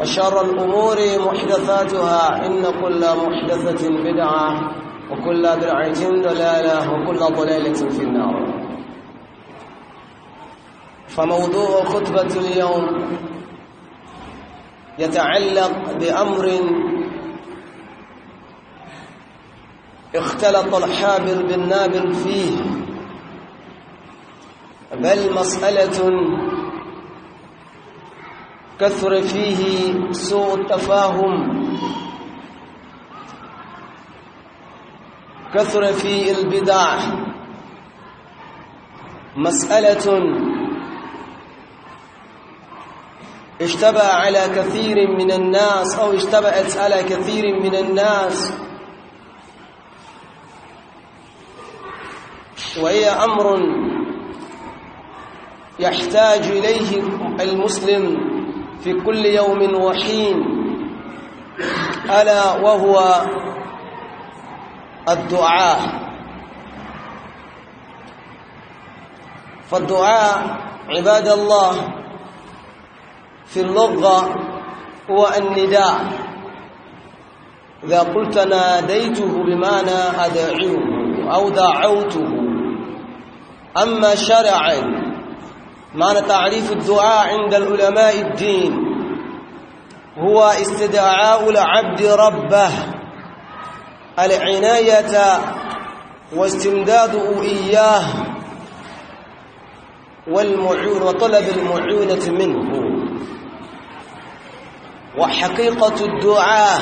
وشر الأمور محدثاتها إن كل محدثة بدعة وكل بدعة ضلالة وكل ضلالة في النار فموضوع خطبة اليوم يتعلق بأمر اختلط الحابر بالنابر فيه بل مسألة كثر فيه سوء التفاهم كثر في البدع مسألة اشتبع على كثير من الناس أو اشتبعت على كثير من الناس وهي أمر يحتاج إليه المسلم في كل يوم وحين ألا وهو الدعاء فالدعاء عباد الله في اللغة هو النداء إذا قلت ناديته بمعنى أدعوه أو دعوته أما شرعا معنى تعريف الدعاء عند العلماء الدين هو استدعاء العبد ربه العناية واستمداده إياه والمعون وطلب المعونة منه وحقيقة الدعاء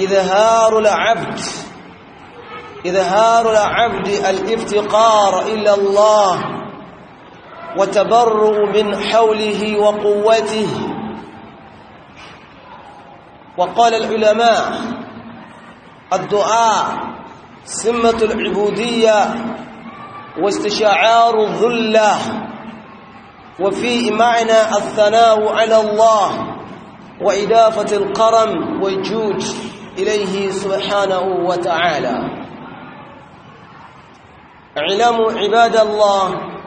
إظهار العبد إظهار العبد الافتقار إلى الله وتبرؤ من حوله وقوته وقال العلماء الدعاء سمة العبودية واستشعار الذلة وفي معنى الثناء على الله وإضافة القرم والجود إليه سبحانه وتعالى اعلموا عباد الله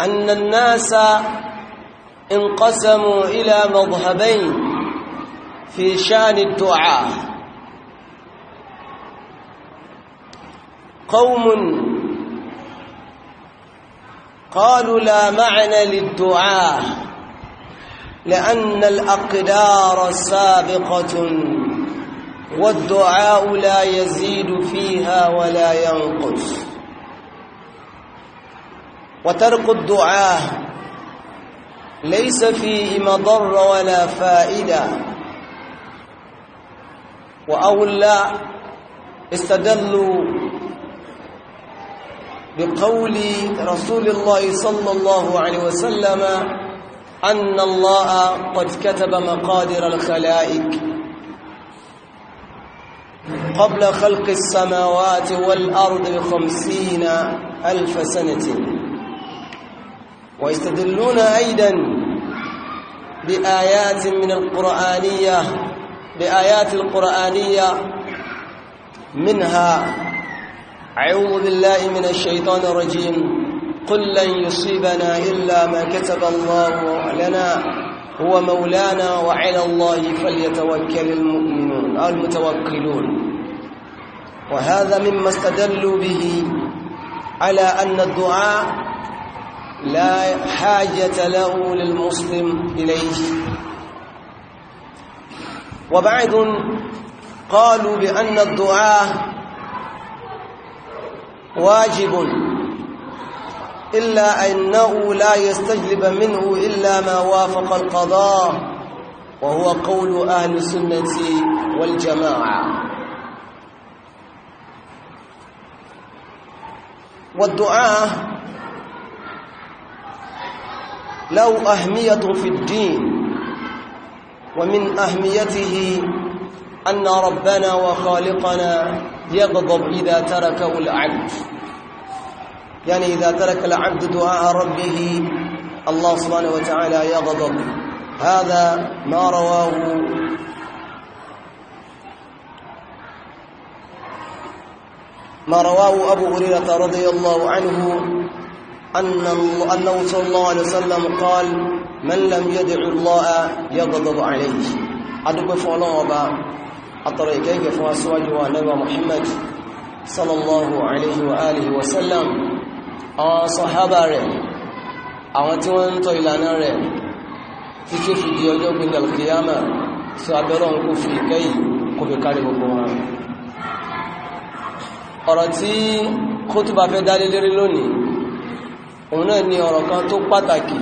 أن الناس انقسموا إلى مذهبين في شان الدعاء قوم قالوا لا معنى للدعاء لأن الأقدار سابقة والدعاء لا يزيد فيها ولا ينقص وترك الدعاء ليس فيه مضر ولا فائدة وأولى استدلوا بقول رسول الله صلى الله عليه وسلم أن الله قد كتب مقادر الخلائق قبل خلق السماوات والأرض بخمسين ألف سنة ويستدلون أيضا بآيات من القرآنية بآيات القرآنية منها أعوذ بالله من الشيطان الرجيم قل لن يصيبنا إلا ما كتب الله لنا هو مولانا وعلى الله فليتوكل المؤمنون المتوكلون وهذا مما استدلوا به على أن الدعاء لا حاجة له للمسلم إليه وبعد قالوا بأن الدعاء واجب إلا أنه لا يستجلب منه إلا ما وافق القضاء وهو قول أهل السنة والجماعة والدعاء له أهمية في الدين ومن أهميته أن ربنا وخالقنا يغضب إذا تركه العبد يعني إذا ترك العبد دعاء ربه الله سبحانه وتعالى يغضب هذا ما رواه ما رواه أبو هريرة رضي الله عنه أنه صلى الله عليه وسلم قال من لم يدعو الله يغضب عليه أدوك فعلان وبا أطري كيك فواسواج ونبى محمد صلى الله عليه وآله وسلم أصحابه àwọn tí wọ́n ń tọ́ ìlànà rẹ̀ tí kí fi di ọjọ́ gbogbo alkiyama tí abẹ́rọ̀n kò fi kẹ́yì kò fi kárí gbogbo wọn ọ̀rọ̀ tí kó túbà fẹ́ lónìí òun náà ni ọ̀rọ̀ kan tó pàtàkì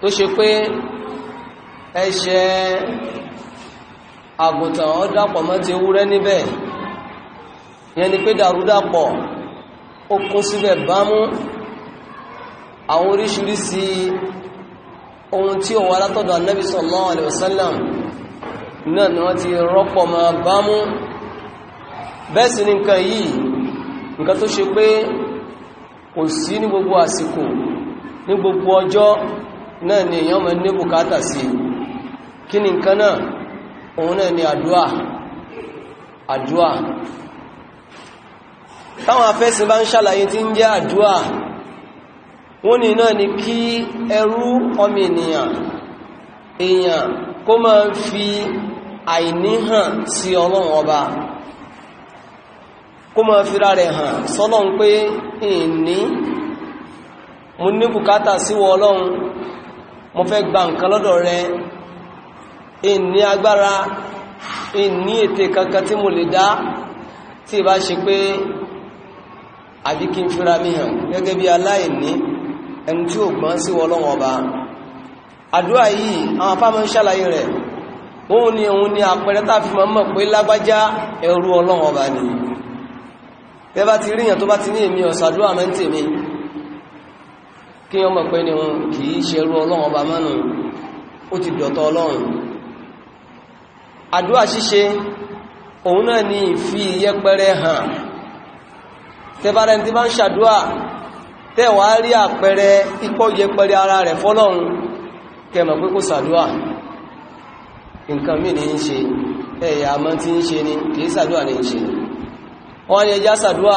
tó ṣe pé ẹ̀ṣẹ̀ àgùntàn ó dàpọ̀ mọ́ ti ewúrẹ́ níbẹ̀ yẹn ni pé dàrúdàpọ̀ ó kún síbẹ̀ bámú àwọn oríṣiríṣi ohun tí ó wà látọ̀dọ̀ Ànábì sallallahu alaihi wasallam náà ni wọ́n ti rọ́pọ̀ ma bámú bẹ́ẹ̀ sì ni nǹkan yìí nǹkan tó ṣe pé kò sí ní gbogbo àsìkò ní gbogbo ọjọ́ náà ni èyàn mọ̀ ní bùkátà sí kí ni nǹkan náà òun náà ni àdúà àdúà táwọn afẹ́sìn bá ń ṣàlàyé tí ń jẹ́ àdúà wọ́n ni náà ni kí ẹrú ọmọ ènìyàn èèyàn kó máa ń fi àìníhàn sí ọlọ́run ọba kó mọ́ fira rẹ̀ hàn sọ́lọ́n pé ìní mo ní bùkátà síwọ ọlọ́run mo fẹ́ gba nǹkan lọ́dọ̀ rẹ ìní agbára ìní ète kankan tí mo lè dá tí ìbá ṣe pé àbí kí n fira mi hàn gẹ́gẹ́ bí aláìní ẹni tí ò gbọ́n síwọ ọlọ́run ọba àdúrà yìí àwọn afámọ́ ń ṣàlàyé rẹ̀ òun ni òun ni àpẹẹrẹ tá a fi mọ̀ mọ̀ pé lágbájá ẹrú ọlọ́run ọba nìyí bẹ́ bá ti ríyàn tó bá ti ní èmi ọ̀sàdúrà mẹ́ntì mi kí ọmọ pé ni wọn kìí ṣerú ọlọ́run ọba mọ́nù ó ti dọ̀tọ̀ ọlọ́run àdúrà ṣíṣe òun náà ni ìfi yẹpẹrẹ hàn tẹbàrẹ tí bá ń ṣàdúrà tẹ́wàá rí àpẹẹrẹ ipọ́ yẹpẹrẹ ara rẹ̀ fọ́lọ́run kẹmọ̀ pé kò ṣàdúrà nǹkan mí ní ń ṣe ẹ̀yà mọ́ tí ń ṣe ni kìí ṣàdúrà ní ń ṣe ni wọ́n yẹ já sàdúwà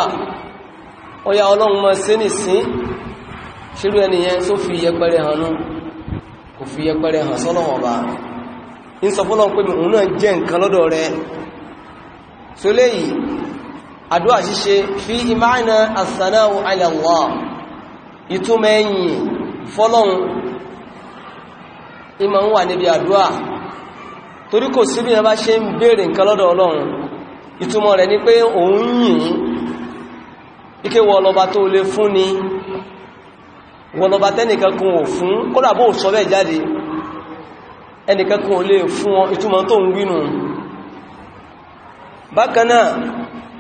ó yá ọlọ́run mọ́ sí ní sí ẹniyẹn tó fi yẹpẹrẹ hàn nú kò fi yẹpẹrẹ hàn sọ́lọ́wọ̀n ń sọ fọ́lọ́n pé òun náà jẹ́ nǹkan lọ́dọ̀ rẹ tó léyìí àdúwà ṣíṣe fi ìmáìnà àsànáwò àìlàwọ̀ ìtumọ̀ ẹ̀yìn fọ́lọ́run ìmọ̀ ń wà níbi àdúwà torí kò ẹ bá ṣe ń béèrè nǹkan lọ́dọ̀ ọlọ́run ìtumọ̀ rẹ̀ ni pé òun yìí ike wọlọba tó lè fún ni wọlọba tẹ́nìkankan ò fún kódà bó sọ bẹ́ jáde ẹnìkankan ò lè fún ọ ìtumọ̀ tó ń wínú bákanáà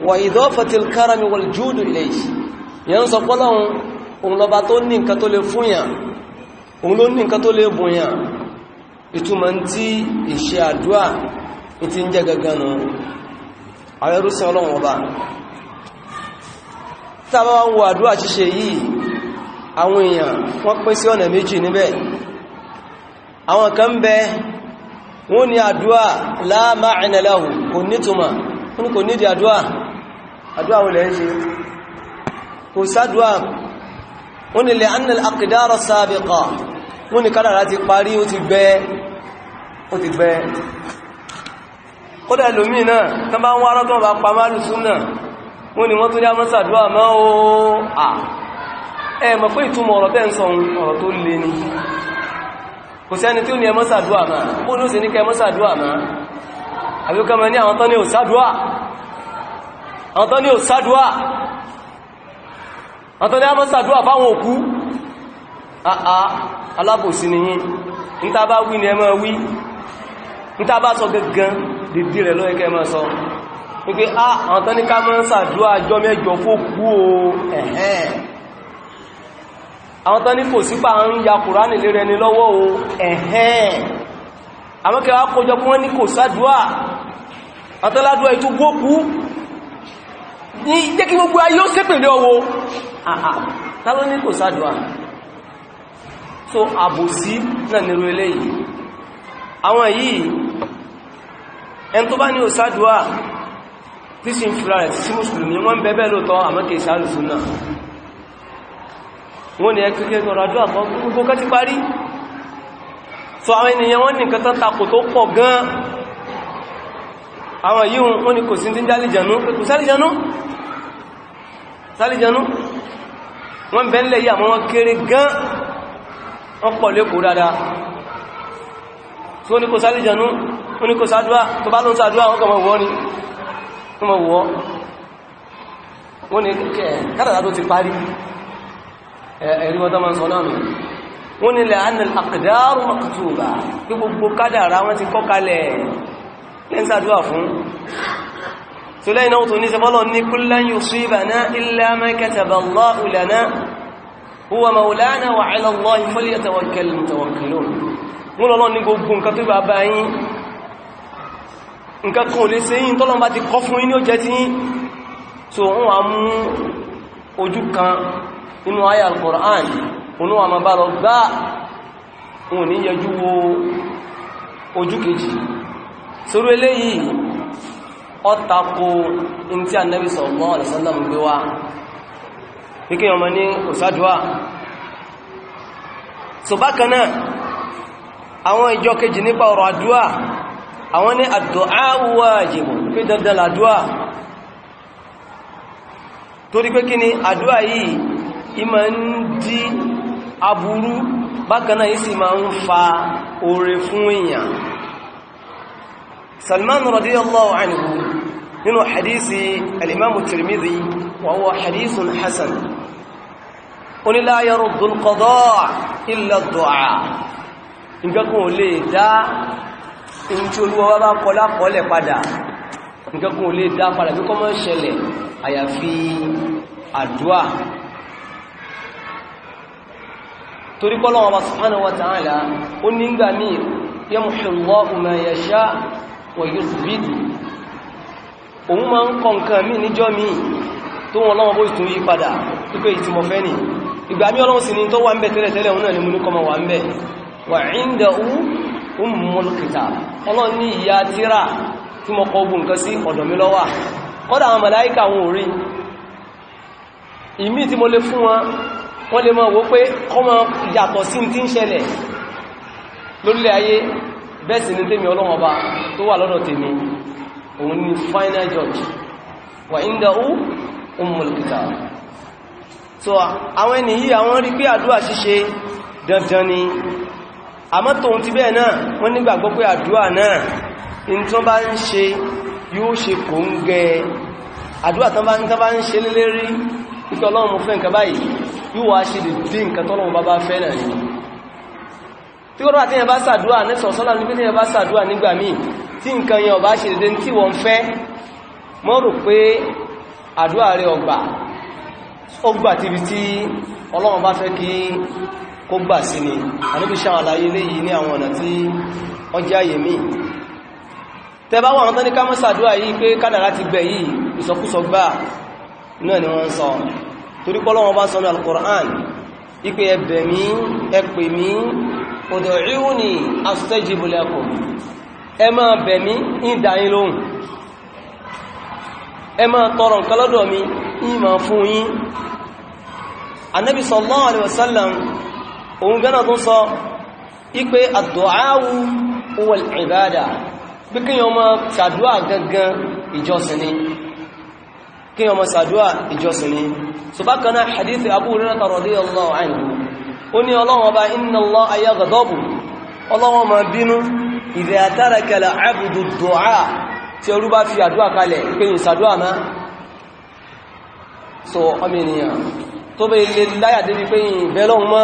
wà ìdọ́fẹ̀tìl kárami wal júdù ilẹ̀ yẹn sọ pọ́lọ́un òun lọba tó ní nǹkan tó lè fún yàn òun ló ní nǹkan tó lè bùn yàn ìtumọ̀ tí ìṣe àdúà ti ń jẹ́ gangan àwọn ẹrúsìn ọlọ́run ọba tàbá wọn wo àdúrà ṣíṣe yìí àwọn èèyàn wọ́n pín sí ọ̀nà méjì níbẹ̀ àwọn kan bẹ wọ́n ní àdúrà la ma'na lahu kò nítumọ̀ wọ́n kò nídi àdúrà àdúrà wọlẹ̀ ń ṣe kò sádùá wọ́n ní li'anna al-aqdara sabiqa wọ́n ní kádàrá ti parí ó ti gbẹ kódà ẹlòmí náà tán bá ń wá rọ́gbọ́n bá pa máàlù súnà wọ́n ni wọ́n tó dá mọ́sàdúwà mọ́ o à ẹ mọ̀ pé ìtumọ̀ ọ̀rọ̀ tẹ́ ń sọ ọ̀rọ̀ tó le ni kò sẹ́ni tí ó ní ẹ mọ́sàdúwà máa ó ní ó sì ní kẹ mọ́sàdúwà máa àbíkọ́ ní àwọn tán ní òsàdúwà àwọn tán ní òsàdúwà àwọn tán ní àmọ́sàdúwà fáwọn òkú àà alábòsí nìyí ní tá bá wí ni ẹ wí ní tá bá sọ gangan dédé rẹ̀ lọ́yẹ́kẹ́ máa sọ wípé a àwọn tán ní ká máa ń sàdúrà jọ mẹ́jọ fókú o ẹ̀hẹ́n àwọn tán ní kò sípa ń ya kùránì lé rẹni lọ́wọ́ o ẹ̀hẹ́n àwọn kẹwàá kójọ kún wọ́n ní kò sàdúrà àtọ́ládúrà ètò gbókú ní jẹ́ kí gbogbo ayé ó sépèlé ọwọ́ àà tálọ́ ní kò sàdúrà so àbòsí náà nírò eléyìí àwọn yìí ẹn tó bá ní òsádùá tí sí ń fura rẹ̀ tí sí mùsùlùmí wọ́n bẹ́bẹ́ lóòtọ́ àmọ́kẹ̀ ìsàlùsùn náà wọ́n ni ẹkẹ́kẹ́ ọ̀rọ̀ àdúrà kan gbogbo ti parí so àwọn ènìyàn wọ́n ní nǹkan tán takò tó pọ̀ gan àwọn yíò wọ́n ni kò sí tí ń jálìjànú kò sálìjànú sálìjànú wọ́n bẹ́ẹ̀lẹ̀ yí àwọn kéré gan so ní kò sálìjànú ó ní kò sàdúwà tó bá ló sàdúwà wọ́n kọmọ wọ́ ni ọmọ wọ́ wọ́n ni kátàtà tó ti parí ẹ̀rí wọ́n tó máa sọ náà nù wọ́n ni lẹ́ anil aqdaru maktuba kí gbogbo kádàrá wọ́n ti kọ́ kalẹ̀ lẹ́ sàdúwà fún tó lẹ́yìn náà tó lọ́lọ́ ní gbogbo nǹkan tó bá bá nǹkan kan ò lè ṣe yí tọ́lọ́n bá ti kọ́ fún yín ní ó jẹ́ tí yín so wọ́n wà mú ojú kan inú ayà al-Qur'an onú wà máa bá lọ gbá wọn ní yẹjú wo ojú kejì sórí eléyìí ọ́tàkó in tí Ànábì sallallahu alaihi wasallam gbé wá pínkẹ́ ọmọ ní òsádùá so bákanáà àwọn ìjọ kejì nípa ọ̀rọ̀ àdúà àwọn ní àdúà wájìbù pé dandan làdúà torí pé kí ni àdúà yìí ìmọ̀ ń dí aburú bákan náà yìí sì máa ń fa oore fún èèyàn Salman radiyallahu anhu nínú hadisi al'imamu tirmidhi wa hadisun hasan oní la yaruddu al èyí tí olúwa wá bá kọ lápọ̀ọ́lẹ̀ padà nǹkan kan ò lè dá padà bí kò mọ́ ṣẹlẹ̀ àyàfi àdúà torí pọ́lọ́ wọn bá subhanahu wa ta'ala ó nígbà ní yamhu Allahu ma yasha wa yuthbit òun máa ń kọ nǹkan mí níjọ́ ọlọ́run sì ni tó wà ń bẹ̀ tẹ́lẹ̀tẹ́lẹ̀ òun náà ni mo ní kọmọ wà ń bẹ̀ wà ń dẹ̀ ummul kitab ní ìyá tíra tí mo kọ ogun nǹkan sí ọ̀dọ̀ kọ́dà àwọn màláíkà wọn ò rí ìmí tí mo lè fún wọn wọ́n lè máa wó pé kọ́mọ yàtọ̀ sí ti ń ṣẹlẹ̀ lórílẹ̀ ayé bẹ́ẹ̀ sì so àwọn ẹni yìí àwọn rí pé àdúrà ṣíṣe dandan ni àmọ́ tóun ti bẹ́ẹ̀ náà wọ́n nígbàgbọ́ pé àdúrà náà in tó bá ń ṣe yóò ṣe kò ń gẹ àdúrà tán bá ń ṣe lélérí ìkẹ́ ọlọ́run mo fẹ́ nǹkan báyìí yóò wá ṣe dìdí nǹkan tọ́lọ́run bá bá fẹ́ náà ni tí ó rọ́ àti ẹ̀bá sàdúrà nẹ́sàn sọ́lá ní pínlẹ̀ ẹ̀bá sàdúrà nígbà míì tí nǹkan yẹn ọ̀bá ṣe dédé tí wọ́n fẹ́ mọ́ rò pé àdúrà rẹ̀ ọgbà ọgbà tìbí tí ọlọ́run bá fẹ́ kí kó gbà sí ni àníbí ṣàwàláyé léyìí ní àwọn ọ̀nà tí wọ́n jẹ́ àyè míì tẹbá wọn tán ní ká mọ́sàdúwà yìí pé kádàrá ti gbẹ̀ yìí ìsọkúsọ gbà náà ni wọ́n sọ torí pọ́lọ́wọ́n bá sọ ní al-Qur'an ipé ẹbẹ̀ mi ẹpè mi ud'uni astajib lakum ẹ máa bẹ̀ mí ìdáyín lóhùn ẹ máa tọrọ nǹkan lọ́dọ̀ mi ìmọ̀ fún yín Ànábì sallallahu alaihi wasallam òun gánà tó sọ ipé àdọ̀áwù wal ìbádà bí kí yọ mọ́ sàdúà gangan ìjọsìn ni kí yọ mọ́ sàdúà ìjọsìn ni so bákaná hadithi Abu Hurairah radiyallahu anhu ó ní ọlọ́wọ́ bá inna Allaha yaghdabu ọlọ́wọ́ ma bínú idha taraka al-abdu ad-du'a tí ẹrú bá fi àdúà kalẹ̀ pé yìn sàdúà so ọmọ ènìyàn tó bẹ́ ilé láyà débi pé mọ́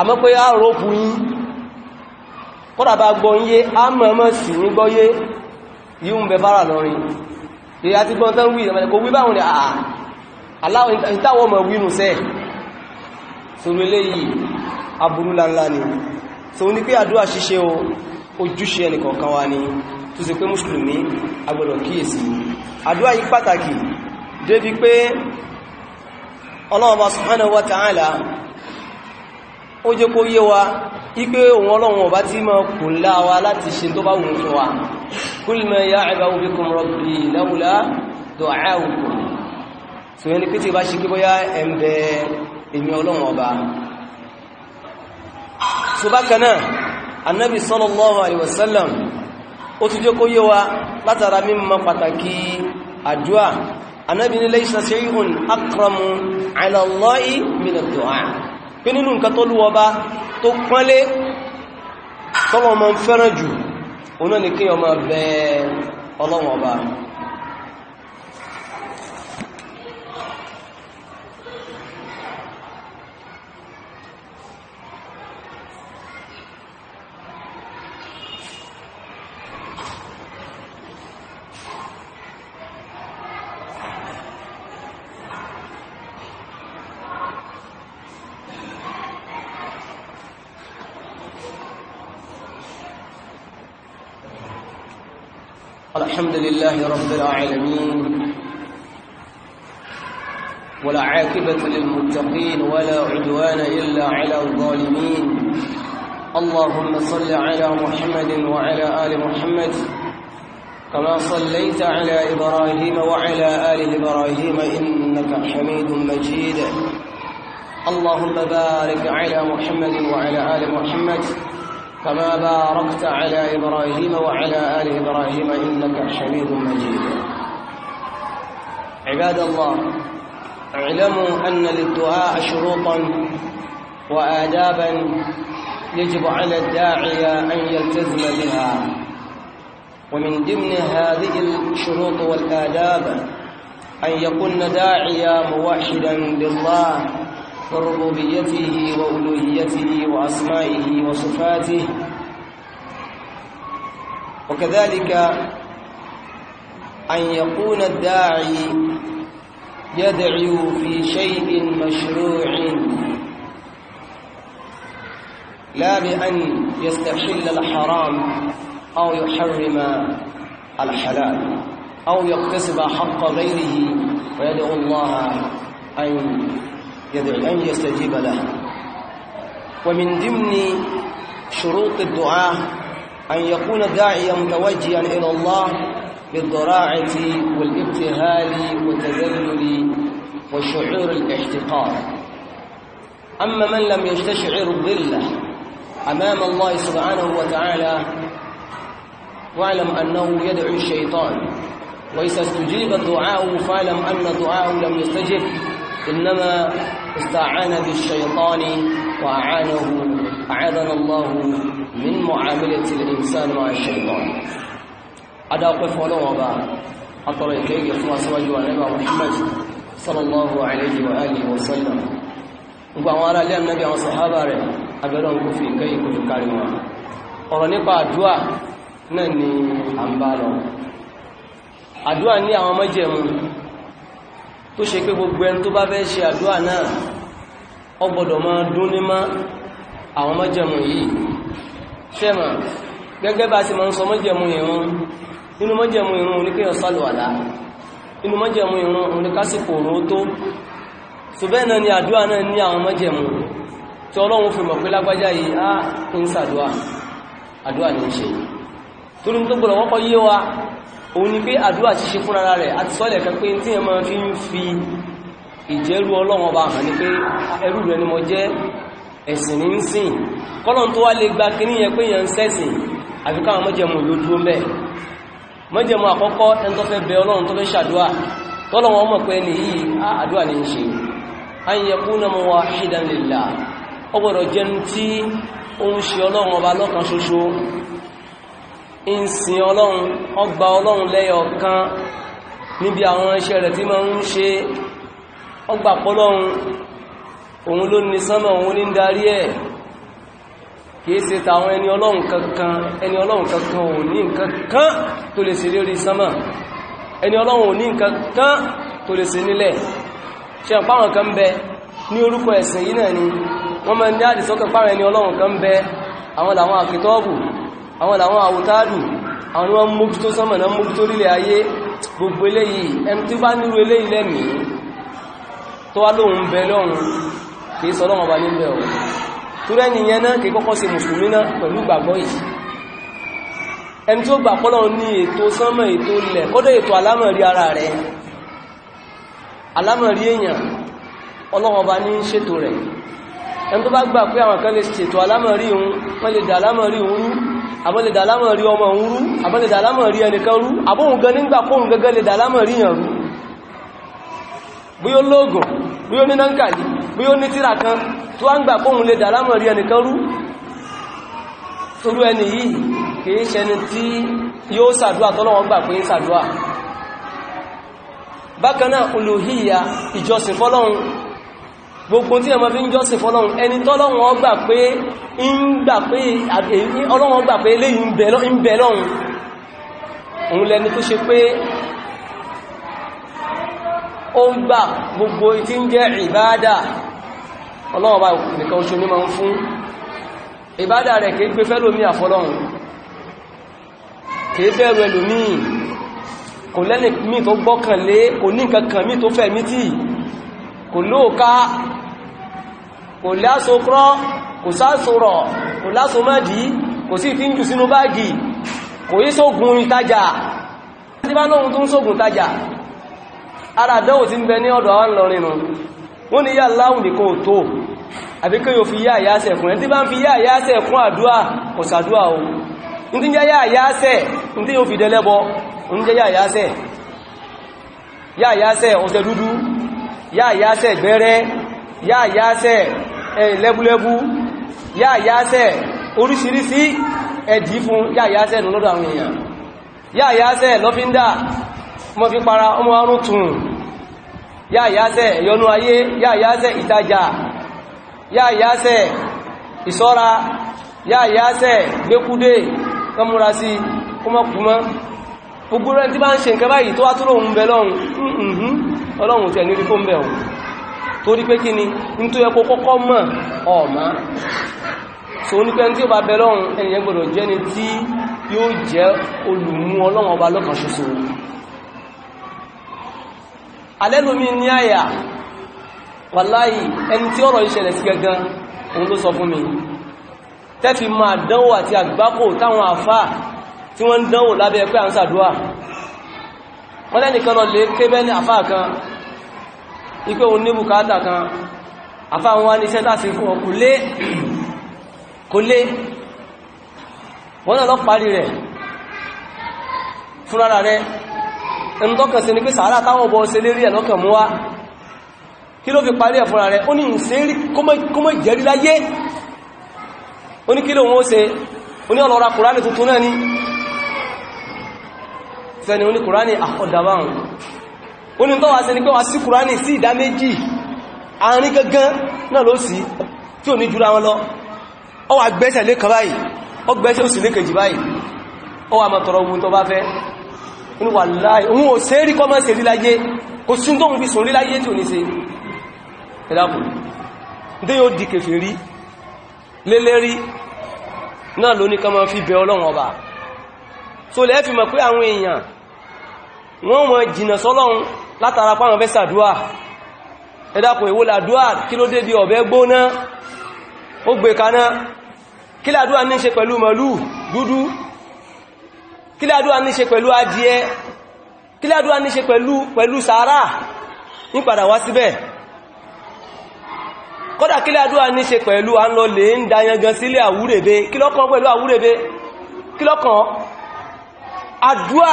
àmọ́ pé á rọ́pù yín kọ́dà bá gbọ́ yé á mọ̀ọ́mọ̀ sí ní gbọ́ yé yíò ń bẹ fara lọ́rin èyí àti gbọ́n tán wí ìrẹ̀mẹ̀lẹ̀kọ́ wí báwọn aláwọ̀ ìtàwọ̀ mọ̀ ni so ní pé àdúrà ṣíṣe o ojúṣe ẹnìkọ̀ọ̀kan ni tó sì pé mùsùlùmí agbọ́dọ̀ kíyèsí àdúrà yìí pàtàkì débi pé Ọlọ́hun ó jẹ́ kó yé wa ipé òun ọlọ́run ọba tí máa kò ńlá wa láti ṣe tó bá wù fún wa kul ma ya'ba'u bikum rabbi lawla du'a'ukum so yẹn ni pé tí bá ṣe kí bóyá ẹ̀mẹ́ èmi ọlọ́run ọba so bákan náà annabi sallallahu alaihi wasallam ó tún jẹ́ kó yé pé nínú nǹkan tó lú ọba tó pọ́nlé tọ́lọ́mọ fẹ́ràn jù òun náà kí ọmọ bẹ ọlọ́wọ̀n ọba لله رب العالمين ولا عاقبة للمتقين ولا عدوان إلا على الظالمين اللهم صل على محمد وعلى آل محمد كما صليت على إبراهيم وعلى آل إبراهيم إنك حميد مجيد اللهم بارك على محمد وعلى آل محمد كما باركت على إبراهيم وعلى آل إبراهيم إنك حميد مجيد عباد الله اعلموا أن للدعاء شروطا وآدابا يجب على الداعية أن يلتزم بها ومن ضمن هذه الشروط والآداب أن يكون داعيا موحدا لله وربوبيته وألوهيته وأسمائه وصفاته وكذلك أن يكون الداعي يدعو في شيء مشروع لا بأن يستحل الحرام أو يحرم الحلال أو يكتسب حق غيره ويدعو الله أن يدعو أن يستجيب له ومن ضمن شروط الدعاء أن يكون داعيا متوجها إلى الله بالضراعة والابتهال والتذلل وشعور الاحتقار أما من لم يستشعر الظلة أمام الله سبحانه وتعالى واعلم أنه يدعو الشيطان وإذا استجيب الدعاء فاعلم أن دعاءه لم يستجب إنما استعان بالشيطان وأعانه أعاذنا الله من معاملة الإنسان مع الشيطان أدا قف ولو أبا أطرق كيك خلاص وجه النبي محمد صلى الله عليه وآله وسلم وقال لي النبي والصحابة أبلون كفي كيك الكريمة ọ̀rọ̀ nípa àdúà náà ni à ń bá lọ àdúà ní àwọn mọ́jẹ̀mú tó ṣe pé gbogbo ẹni tó bá fẹ́ ṣe àdúrà náà ó gbọ́dọ̀ máa dún ní má àwọn májẹ̀mú yìí fẹ́mà gẹ́gẹ́ bá ti máa ń sọ májẹ̀mú ìrun inú májẹ̀mú ìrun oníkéyàn sálùwàlá inú májẹ̀mú ìrun oníkásìkò òun tó so bẹ́ẹ̀ náà ni àdúrà náà ní àwọn májẹ̀mú tí ọlọ́run fi mọ̀ pé lágbájá yìí á ń sàdúrà àdúrà ní ṣe torí tó gbọ́dọ̀ wọ́pọ̀ yé wa òun ni pé àdúrà ti ṣe fúnra rẹ̀ àti sọ́lẹ̀ kan pé tí ẹ máa fi ń fi ìjẹ́rú ọlọ́run ọba hàn ní pé ẹrú rẹ̀ ni mo jẹ́ ẹ̀sìn ní ń sìn kọ́lọ̀n tó wá lè gba kíní yẹn pé yẹn ń sẹ́sìn àfi káwọn mọ́jẹ̀mú ló dúró mẹ́ mọ́jẹ̀mú àkọ́kọ́ ẹni tó fẹ́ bẹ ọlọ́run tó fẹ́ ṣàdúà tọ́lọ́wọ́n ọmọ pé ń sin ọlọ́run ọgbà ọlọ́run lẹ́yọ kan níbi àwọn iṣẹ́ rẹ̀ tí ma ń ṣe ọgbà pọ́lọ́run òun ló ní sánmà òun ní darí ẹ̀ kìí ṣe tàwọn ẹni ọlọ́run kankan ẹni ọlọ́run kankan ò ní nǹkankan tó lè ṣe lórí sánmà ẹni ọlọ́run ò ní nǹkankan tó lè ṣe nílẹ̀ ṣe àpáwọn kan bẹ ní orúkọ ẹ̀sìn yìí náà ni wọ́n máa ń dáàdì sọ́kàn páwọn ẹni ọlọ́run kan bẹ àwọn làwọn àkìtọ́ọ̀bù àwọn làwọn àwòtádù àwọn wọ́n mójú tó sánmà náà mójú tó rílẹ̀ ayé gbogbo eléyìí ẹni tí bá nírú eléyìí lẹ́mí tó wá lóhun bẹ lọ́run kìí sọ lọ́wọ́ bá nílẹ̀ ọ̀run tó rẹ́ nìyẹn náà kìí kọ́kọ́ sí mùsùlùmí náà pẹ̀lú gbàgbọ́ yìí ẹni tí ó gbà pọ́lọ̀ ní ètò sánmà ètò ilẹ̀ àbọ́lẹ̀dà alámọ̀ rí ọmọ òun rú àbọ́lẹ̀dà alámọ̀ rí ẹnìkan rú àbóhun gan nígbà kóhun gẹ́gẹ́ lè dà alámọ̀ rí yàn rú bí ó lóògùn bí ó ní náǹkàlì bí ó ní tíra kan tó á ń gbà kóhun lè dà alámọ̀ rí ẹnìkan rú torú ẹni yìí gbogbo tí ẹmọ fi ń jọ́sìn fọ́lọ́run ẹni tọ́lọ́run gbà pé ń gbà pé ọlọ́run gbà pé lè ń bẹ̀ lọ́run òun lẹni tó ṣe pé ó ń gbà gbogbo tí ń jẹ́ ìbáadà ọlọ́run bá nìkan oṣù ní ma ń fún ìbáadà rẹ̀ kìí pé fẹ́ lómi àfọ́lọ́run kìí bẹ̀rù ẹlòmíì kò lẹ́nì mí tó gbọ́kànlé kò ní nǹkan kan mí tó fẹ́ kò lóòká kò lásòkrọ́ kò sásòrọ̀ kò lásòmọ́dí kò sí fi sínú báàgì kò yí sógun ìtajà tí bá lóhun tó ń sógun ìtajà ara àdánwò tí ń bẹ ní ọ̀dọ̀ àwọn ìlọrin wọ́n ni yà láhùn nìkan ò tó àbí kí yóò fi yá àyáṣẹ́ fún ẹ tí bá ń fi yá àyáṣẹ́ fún àdúà o ní tí ń yá àyáṣẹ́ ní tí yóò fi dẹlẹ́bọ ní yá àyáṣẹ́ yá àyáṣẹ́ ọ̀sẹ̀ dúdú yá ẹ̀yìn eh, lẹ́búlẹ́bú oríṣiríṣi ẹ̀dì fún yáyásẹ̀ lọ́dọ̀ àwọn èèyàn yáyásẹ̀ lọ́fíndà mọ́ fi para ọmọ arún tún yáyásẹ̀ yọnú ayé yáyásẹ̀ ìtajà yáyásẹ̀ ìṣọ́ra yáyásẹ̀ gbékúdé kọmúra kọmọkùmọ́ gbogbo rẹ̀ tí bá ń ṣe nǹkan báyìí tó wá tó torí pé kí ni ní tó yẹ kó kọ́kọ́ mọ̀ ọ̀má so ní pé tí ó bá bẹ lọ́run ẹniyẹn gbọ́dọ̀ jẹ́ ni tí yóò jẹ́ olùmú ọlọ́run ọba lọ́kan ṣoṣo alẹ́lómi ní àyà wàláyì ẹni tí ọ̀rọ̀ ìṣẹ̀lẹ̀ sí gangan òun ló sọ fún mi tẹ́fì máa dánwò àti àgbákò táwọn àfá tí wọ́n ń dánwò lábẹ́ pé à wọ́n lẹ́nìkan lọ lè kébẹ́ ní àfá kan ipé òun ní bùkátà kan àfáwọn wá ní iṣẹ́ tàṣí fún ọ kò lé kò lé wọ́n náà lọ parí rẹ̀ fúnra rẹ̀ ẹnu tọ́kàn sí ni pé sàárà táwọn ọbọ̀ ṣe lérí ẹ̀ lọ́kàn mú wá kí ló fi parí ẹ̀ fúnra rẹ̀ ó ní ìṣẹ́ rí kọ́mọ̀ ìjẹ́rí láyé ó ní kí ló wọ́n ṣe ó ní ọlọ́ra kùránì tuntun náà ní sẹ́ni ó ní kùránì àkọ́dàbáhùn ah, ó ní tọ́wà sí ni pé wà sí kùránì sí ìdá méjì àárín gangan náà ló sí tí ò ní jùra wọn lọ ọ wà gbẹ́sẹ̀ lé kan báyìí ọ gbẹ́sẹ̀ ó sì lé kejì báyìí ọ wà mọ̀tọ̀rọ̀ ogun tó bá fẹ́ ní wà láì òun ò sẹ́rí kọ́ mọ́ sí wọ́n mọ̀ jìnà sọ́lọ́run látara páwọn fẹ́ sàdúà ẹ̀dàkùn ìwò làdúà kí ló débi ọ̀bẹ gbóná ó gbé kaná kí làdúà ní ṣe pẹ̀lú mọ̀lú dúdú kí làdúà ní ṣe pẹ̀lú adìẹ kí làdúà ní ṣe pẹ̀lú pẹ̀lú sàárà ní padà wá síbẹ̀ kódà kí làdúà ní ṣe pẹ̀lú à ń lọ lè ń dayangan sílé àwúrèbe kí lọ́kàn pẹ̀lú àwúrèbe kí lọ́kàn àdúà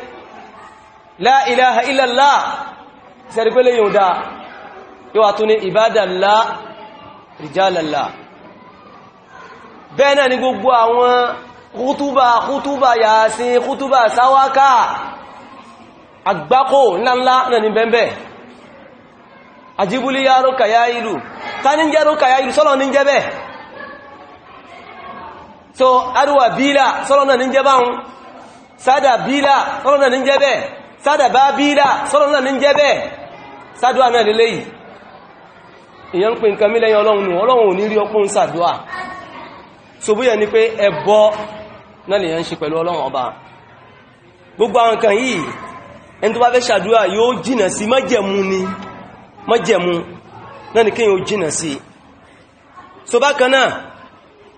la ilaha illallah sẹ́rí pé léyìn òdá yíwa tó ní ìbádàlá rìjálàlá bẹ́ẹ̀ náà ni gbogbo àwọn kútúbà kútúbà yàásín kútúbà sáwáká àgbákò ńláńlá náà ni bẹ́ẹ̀ àjíbúlé yá rókà yá ìlú ta ní jẹ́ so arúwà bílà sọ́lọ́ náà ní jẹ́ báhun sádà bílà ní jẹ́ bẹ́ẹ̀ sádàbábílà sọ́rọ̀ náà ní jẹ́ bẹ́ẹ̀ sádùá náà lélẹ́ yìí ìyẹn ń pè nǹkan mílẹ̀ yẹn ọlọ́run nù ọlọ́run ò ní rí ọkùn sàdùá so bóyẹ ni pé ẹbọ náà lè yẹn ń ṣe pẹ̀lú ọlọ́run ọba gbogbo àwọn nǹkan yìí ẹni ni májẹ̀mú náà ni kéèyàn ó jìnà sí so bákan náà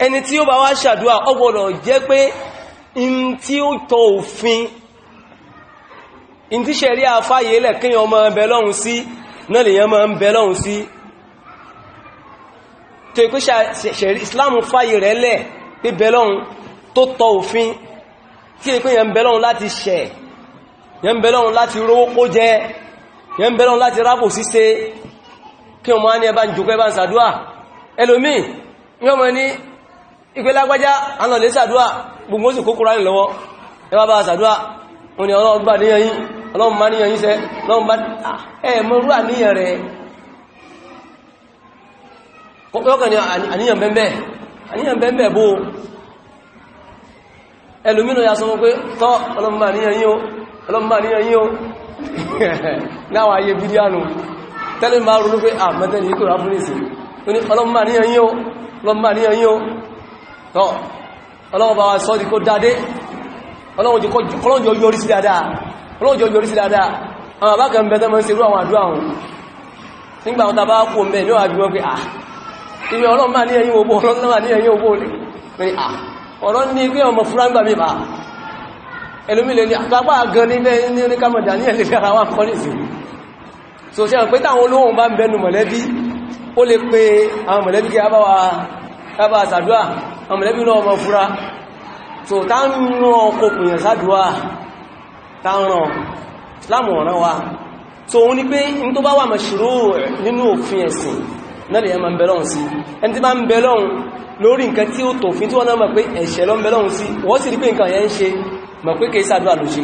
ẹni tí ó bá wá sàdùá ó jẹ́ pé in tí ó tọ òfin in ti ṣẹ̀rí àfáyé lẹ̀ kí ọmọ ẹbẹ̀ lọ́hun sí náà lèyàn máa ń bẹ lọ́hun sí tó ikú ṣẹ̀rí islam fáyé rẹ̀ lẹ̀ pé bẹ lọ́hun tó tọ òfin tí ikú yẹn bẹ lọ́hun láti ṣẹ̀ yẹn bẹ lọ́hun láti rówó kó jẹ yẹn bẹ lọ́hun láti rábò ṣíṣe kí ọmọ á ní ẹbá jùkọ ẹbá ń sàdúà ẹlòmíì yọ́ mọ̀ ní ìpẹ́lágbájá àwọn ọ̀lẹ́sàdúà gbogbo ó sì kókòrò lọ́wọ́ ẹbá bá sàdúà wọn ni ọlọ́run gbà níyàn yín ọlọ́run bá níyàn yín sẹ́ ọlọ́run bá ah, ẹ̀ mọ́rú àníyàn rẹ̀ kọ́kọ́ ni àníyàn bẹ́ẹ̀ àníyàn bẹ́ẹ̀ bó ẹlòmínú ya sọ pé tọ́ ọlọ́run bá níyàn yín o ọlọ́run bá níyàn yín o láwọn ayé bídíànù tẹ́lẹ̀ bá rú pé àmọ́tẹ́ni ah, yìí kò rá fún ìsìn ọlọ́run bá níyàn o ọlọ́run bá níyàn o tọ́ ọlọ́run bá wa sọ́ di ọlọ́run jọ yọrí sí dáadáa ọlọ́run jọ yọrí sí dáadáa àwọn àbákẹ́ ń bẹ́tẹ́ mọ́ sí irú àwọn àdúrà wọn nígbà wọn tàbá kò mẹ́ ní àbí wọn pé à ah, ìwé ọlọ́run máa ní ẹ̀yìn owó ọlọ́run máa ní ẹ̀yìn owó pé à ah, ọ̀rọ̀ ní pé ọmọ fúra gbà mí bá ah. ẹlòmílẹ̀ ní àtàgbà gan ní bẹ́ẹ̀ ní kámọ̀dà ní ẹ̀lẹ́fẹ́ ara wọn kọ́ so ṣe pé táwọn olóhùn bá ń bẹnu mọ̀lẹ́bí pe àwọn mọ̀lẹ́bí kí a bá wa sábà sàdúà àwọn mọ̀lẹ́bí náà so ta ń rán ọkọ̀ pìyàn sádùá ta ń rán islamu ọ̀rán wa so òun ni pé in tó bá wà mẹ́ṣìrò nínú òfin ẹ̀sìn náà lè ẹmà ń bẹ̀lọ́un sí ẹni tí bá ń bẹ̀lọ́un lórí nǹkan tí ó tòfin tí wọ́n náà mọ̀ pé ẹ̀ṣẹ̀ lọ ń bẹ̀lọ́un sí wọ́n sì rí pé nǹkan yẹn ń ṣe mọ̀ pé kìí sàdúà ló ṣe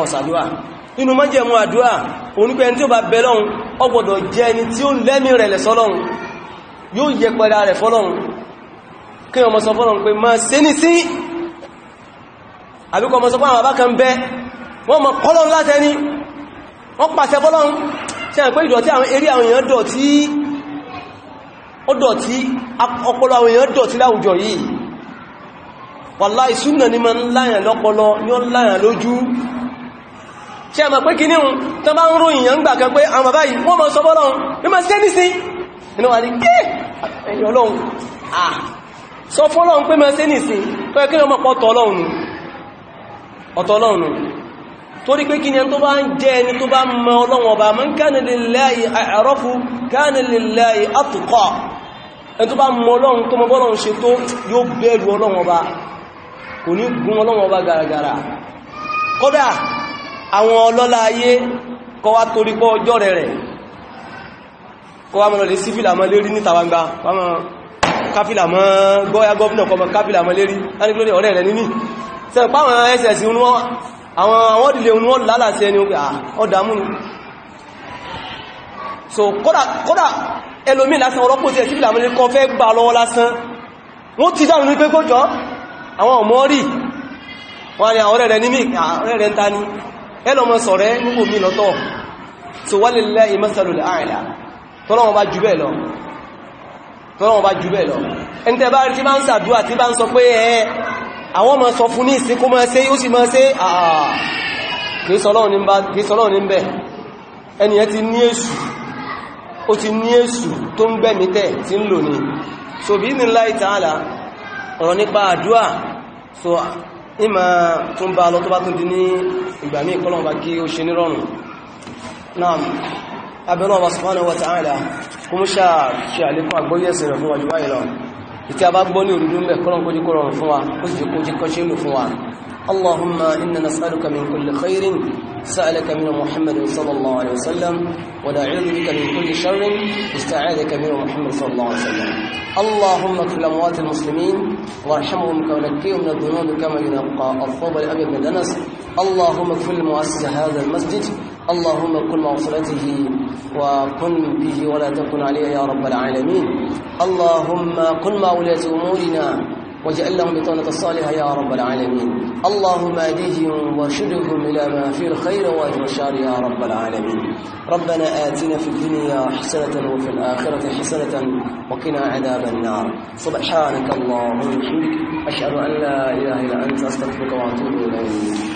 ọ̀sàdúà nínú májẹ̀mú àdúà òun ni pé ẹni tí ó bá bẹ̀lọ́un ó jẹ́ ẹni tí ó lẹ́mí rẹ̀ lẹ̀ sọ́lọ́un yóò yẹ pẹ̀lá rẹ̀ fọ́lọ́un kí ọmọ sọ fọ́lọ́un pé máa ṣe ní sí àbíkọ mọ́ sọ pé àwọn abákan bẹ́ wọ́n mọ̀ kọ́lọ́n látẹ́ ní wọ́n pàṣẹ fọ́lọ́n tí a ń pé ìdọ̀tí àwọn eré àwọn èèyàn dọ̀tí ó dọ̀tí ọpọlọ àwọn èèyàn dọ̀tí láwùjọ yìí wàláhì súnà ní ma ń láyàn lọ́pọlọ ní ó láyàn lójú tí a mọ̀ pé kí níhun tó bá ń ròyìn yàn gbà kan pé àwọn bàbá yìí wọ́n ọ̀tọ̀ ọlọ́run torí pé kí ni ẹni tó bá ń jẹ́ ẹni tó bá mọ ọlọ́run ọba man kana lillahi a'rafu kana lillahi atqa ẹni tó bá mọ ọlọ́run tó mọ bọ́lọ́run ṣe tó yóò bẹ̀rù ọlọ́run ọba kò ní gún ọlọ́run ọba gàràgàrà kódà àwọn ọlọ́lá ayé kọ́ wá torí pọ́ ọjọ́ rẹ̀ rẹ̀ kọ́ tẹ́ pàwọn ss wọn àwọn àwọn ìdílé wọn lálàsẹ́ ni ọdàmú ni so kódà ẹlòmí lásán ọlọ́pọ̀ sí ẹ̀sí ìlàmọ́lé kan fẹ́ gbà lọ́wọ́ lásán wọ́n ti dáhùn ní pé kó jọ àwọn ọmọ rí wọ́n ni àwọn rẹ̀ ní mí àwọn rẹ̀ ń ta ní ẹlọmọ sọ̀rẹ́ nípò mí lọ́tọ̀ so wọ́n lè lẹ́ ìmọ́sàlùlẹ̀ àìlà tọ́lọ́wọ́n bá jù bẹ́ẹ̀ lọ tọ́lọ́wọ́n bá jù bẹ́ẹ̀ lọ àwọn ma sọ fún ní ìsìn kó máa ṣe ó sì máa ṣe àà kìíṣọ́lọ́wọ́ ní bẹ̀ ẹniyàn ti ní èṣù ó ti ní èṣù tó ń gbẹ̀mí tẹ̀ tí ń lò ní so bí ní láì tààlà ọ̀rọ̀ nípa àdúà so ìmọ̀ tó ń bá lọ tó bá tún di ní ìgbà ní ìkọlọ̀wà kí ó ṣe nírọ̀rùn náà abẹ́lọ́wà subhanahu wa ta'ala kó mú ṣe àlékún àgbóyẹ̀sẹ̀ rẹ̀ fún wàjúwáyìí lọ ìtí a bá gbọ́ ní orílú mẹ́ kọ́lọ̀n kójú kọ́lọ̀ fún wa ó sì kójú kọ́ṣe lò fún wa allahumma inna na nas'aluka min kulli khairin sa'alaka min muhammad sallallahu alaihi wasallam wa na'udhu bika min kulli sharrin ista'adaka min muhammad sallallahu alaihi wasallam allahumma qil amwat almuslimin warhamhum wa naqqihim min adh-dhunub kama yunqqa ath-thawb al-abyad min danas allahumma qil mu'assis hadha al-masjid اللهم كن مغفرته وكن به ولا تكن عليه يا رب العالمين اللهم كن مع ولاة أمورنا واجعل لهم بطانة الصالحة يا رب العالمين اللهم اهدهم وشدهم إلى ما فيه الخير وأجر الشر يا رب العالمين ربنا آتنا في الدنيا حسنة وفي الآخرة حسنة وقنا عذاب النار سبحانك اللهم وبحمدك أشهد أن لا إله إلا أنت أستغفرك وأتوب إليك